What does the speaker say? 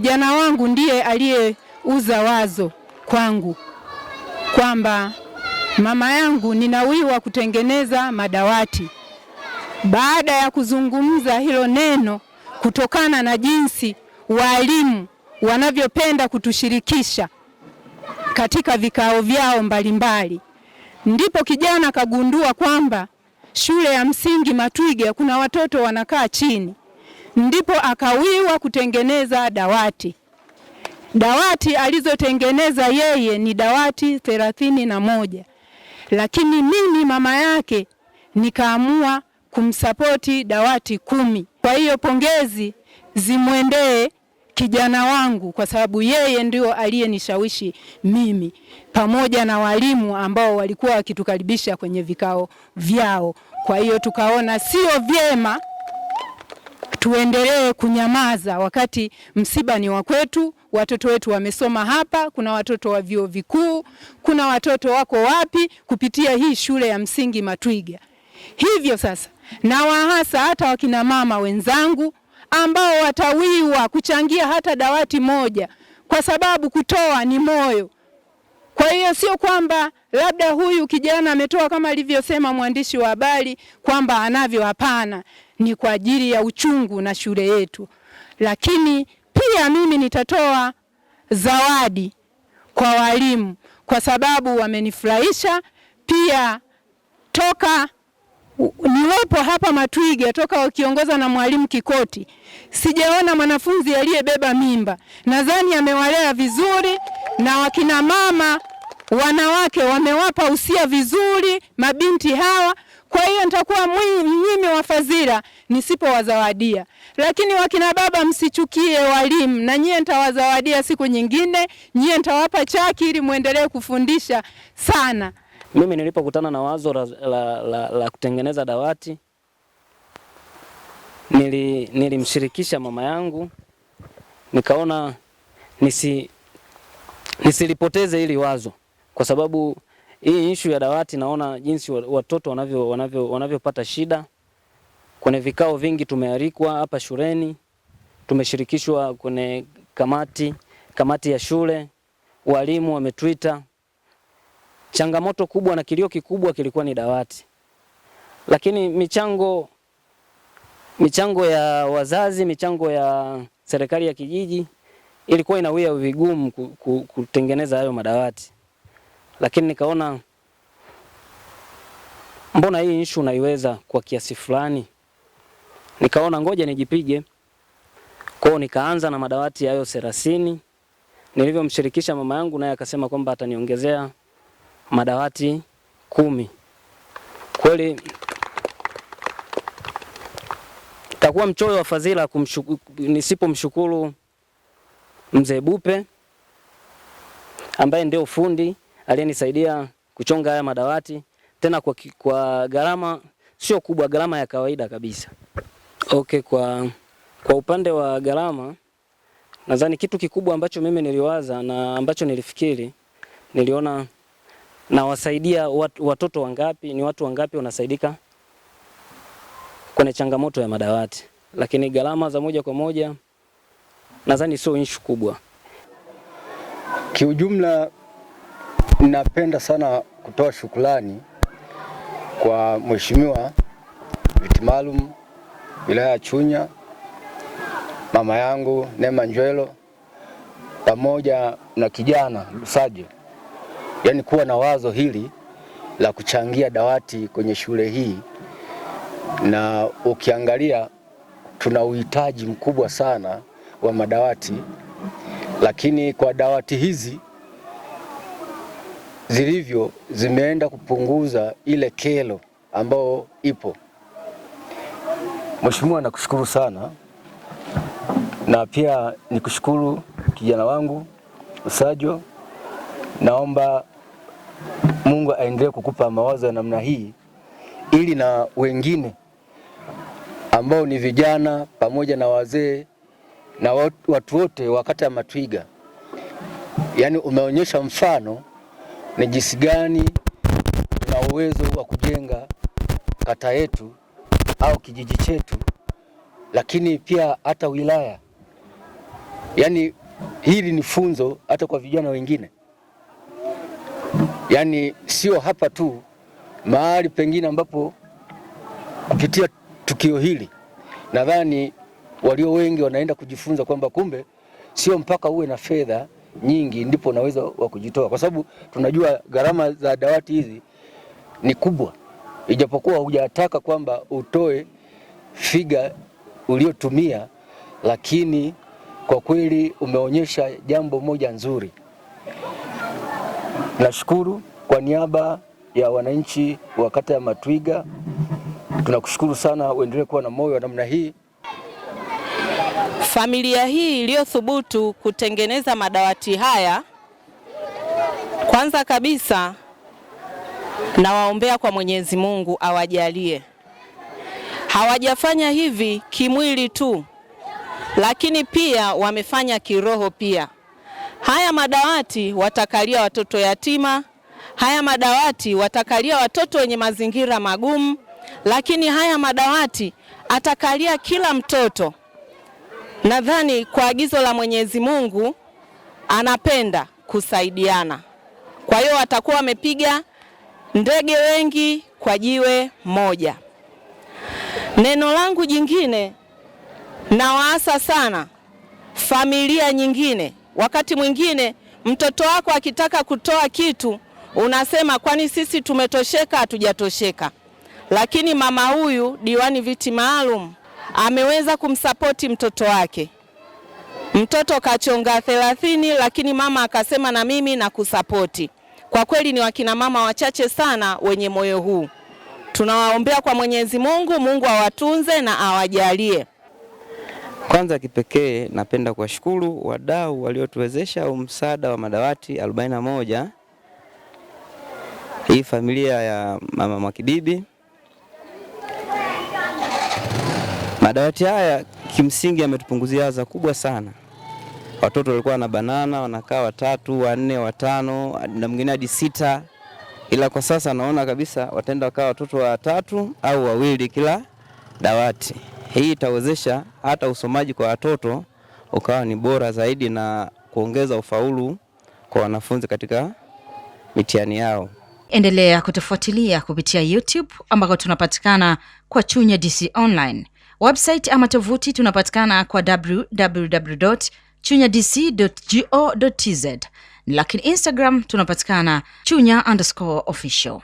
kijana wangu ndiye aliyeuza wazo kwangu kwamba mama yangu ninawiwa kutengeneza madawati. Baada ya kuzungumza hilo neno, kutokana na jinsi walimu wanavyopenda kutushirikisha katika vikao vyao mbalimbali, ndipo kijana kagundua kwamba shule ya msingi Matwiga kuna watoto wanakaa chini ndipo akawiwa kutengeneza dawati. Dawati alizotengeneza yeye ni dawati thelathini na moja, lakini mimi mama yake nikaamua kumsapoti dawati kumi. Kwa hiyo pongezi zimwendee kijana wangu kwa sababu yeye ndio aliyenishawishi mimi pamoja na walimu ambao walikuwa wakitukaribisha kwenye vikao vyao. Kwa hiyo tukaona sio vyema tuendelee kunyamaza wakati msiba ni wa kwetu. Watoto wetu wamesoma hapa, kuna watoto wa vyuo vikuu, kuna watoto wako wapi kupitia hii shule ya msingi Matwiga. Hivyo sasa na wahasa hata wakina mama wenzangu ambao watawiwa kuchangia hata dawati moja, kwa sababu kutoa ni moyo. Kwa hiyo sio kwamba labda huyu kijana ametoa kama alivyosema mwandishi wa habari kwamba anavyo, hapana ni kwa ajili ya uchungu na shule yetu, lakini pia mimi nitatoa zawadi kwa walimu kwa sababu wamenifurahisha pia toka niwepo hapa Matwiga toka wakiongoza na mwalimu Kikoti, sijaona mwanafunzi aliyebeba mimba. Nadhani amewalea vizuri, na wakina mama wanawake wamewapa usia vizuri mabinti hawa kwa hiyo nitakuwa mnyimi wa fadhila nisipowazawadia. Lakini wakina baba, msichukie walimu, na nyie nitawazawadia siku nyingine, nyie nitawapa chaki ili muendelee kufundisha sana. Mimi nilipokutana na wazo la, la, la, la kutengeneza dawati nili, nilimshirikisha mama yangu, nikaona nisi nisilipoteze hili wazo kwa sababu hii ishu ya dawati naona jinsi watoto wanavyopata wanavyo, wanavyopata shida. Kwenye vikao vingi tumealikwa hapa shuleni, tumeshirikishwa kwenye kamati kamati ya shule, walimu wametwita. Changamoto kubwa na kilio kikubwa kilikuwa ni dawati, lakini michango michango ya wazazi, michango ya serikali ya kijiji ilikuwa inawia vigumu kutengeneza hayo madawati lakini nikaona mbona hii issue naiweza kwa kiasi fulani, nikaona ngoja nijipige. Kwa hiyo nikaanza na madawati hayo 30 Nilivyomshirikisha mama yangu, naye akasema kwamba ataniongezea madawati kumi. Kweli takuwa mchoyo wa fadhila nisipomshukuru mzee Bupe ambaye ndio fundi aliyenisaidia kuchonga haya madawati tena kwa, kwa gharama sio kubwa, gharama ya kawaida kabisa. Okay, kwa, kwa upande wa gharama nadhani kitu kikubwa ambacho mimi niliwaza na ambacho nilifikiri, niliona nawasaidia watoto wangapi, ni watu wangapi wanasaidika kwenye changamoto ya madawati, lakini gharama za moja kwa moja nadhani sio issue kubwa kiujumla. Napenda sana kutoa shukrani kwa Mheshimiwa viti maalum wilaya ya Chunya, mama yangu Neema Njwelo pamoja na kijana Lusaje, yaani kuwa na wazo hili la kuchangia dawati kwenye shule hii, na ukiangalia tuna uhitaji mkubwa sana wa madawati, lakini kwa dawati hizi zilivyo zimeenda kupunguza ile kelo ambayo ipo. Mheshimiwa, nakushukuru sana, na pia nikushukuru kijana wangu Usajo. Naomba Mungu aendelee kukupa mawazo ya namna hii ili na wengine ambao ni vijana pamoja na wazee na watu wote wakati ya Matwiga, yaani umeonyesha mfano ni jinsi gani tuna uwezo wa kujenga kata yetu au kijiji chetu, lakini pia hata wilaya. Yaani hili ni funzo hata kwa vijana wengine, yaani sio hapa tu, mahali pengine ambapo kupitia tukio hili nadhani walio wengi wanaenda kujifunza kwamba kumbe sio mpaka uwe na fedha nyingi, ndipo na uwezo wa kujitoa, kwa sababu tunajua gharama za dawati hizi ni kubwa, ijapokuwa hujataka kwamba utoe figa uliotumia, lakini kwa kweli umeonyesha jambo moja nzuri. Nashukuru kwa niaba ya wananchi wa kata ya Matwiga, tunakushukuru sana, uendelee kuwa na moyo wa namna hii. Familia hii iliyothubutu kutengeneza madawati haya, kwanza kabisa nawaombea kwa Mwenyezi Mungu awajalie. Hawajafanya hivi kimwili tu, lakini pia wamefanya kiroho pia. Haya madawati watakalia watoto yatima, haya madawati watakalia watoto wenye mazingira magumu, lakini haya madawati atakalia kila mtoto Nadhani kwa agizo la Mwenyezi Mungu anapenda kusaidiana, kwa hiyo watakuwa wamepiga ndege wengi kwa jiwe moja. Neno langu jingine, nawaasa sana familia nyingine. Wakati mwingine mtoto wako akitaka kutoa kitu unasema kwani sisi tumetosheka? Hatujatosheka. Lakini mama huyu diwani viti maalum ameweza kumsapoti mtoto wake. Mtoto kachonga thelathini, lakini mama akasema na mimi na kusapoti. Kwa kweli ni wakina mama wachache sana wenye moyo huu. Tunawaombea kwa Mwenyezi Mungu, Mungu awatunze na awajalie. Kwanza kipekee napenda kuwashukuru wadau waliotuwezesha msaada wa madawati 41 hii familia ya mama Mwakibibi madawati haya kimsingi yametupunguzia adha kubwa sana. Watoto walikuwa na banana wanakaa watatu, wanne, watano na mwingine hadi sita, ila kwa sasa naona kabisa wataenda wakawa watoto watatu au wawili kila dawati. Hii itawezesha hata usomaji kwa watoto ukawa ni bora zaidi na kuongeza ufaulu kwa wanafunzi katika mitihani yao. Endelea kutufuatilia kupitia YouTube ambako tunapatikana kwa Chunya DC Online. Website ama tovuti tunapatikana kwa www chunya dc go tz, lakini Instagram tunapatikana chunya underscore official.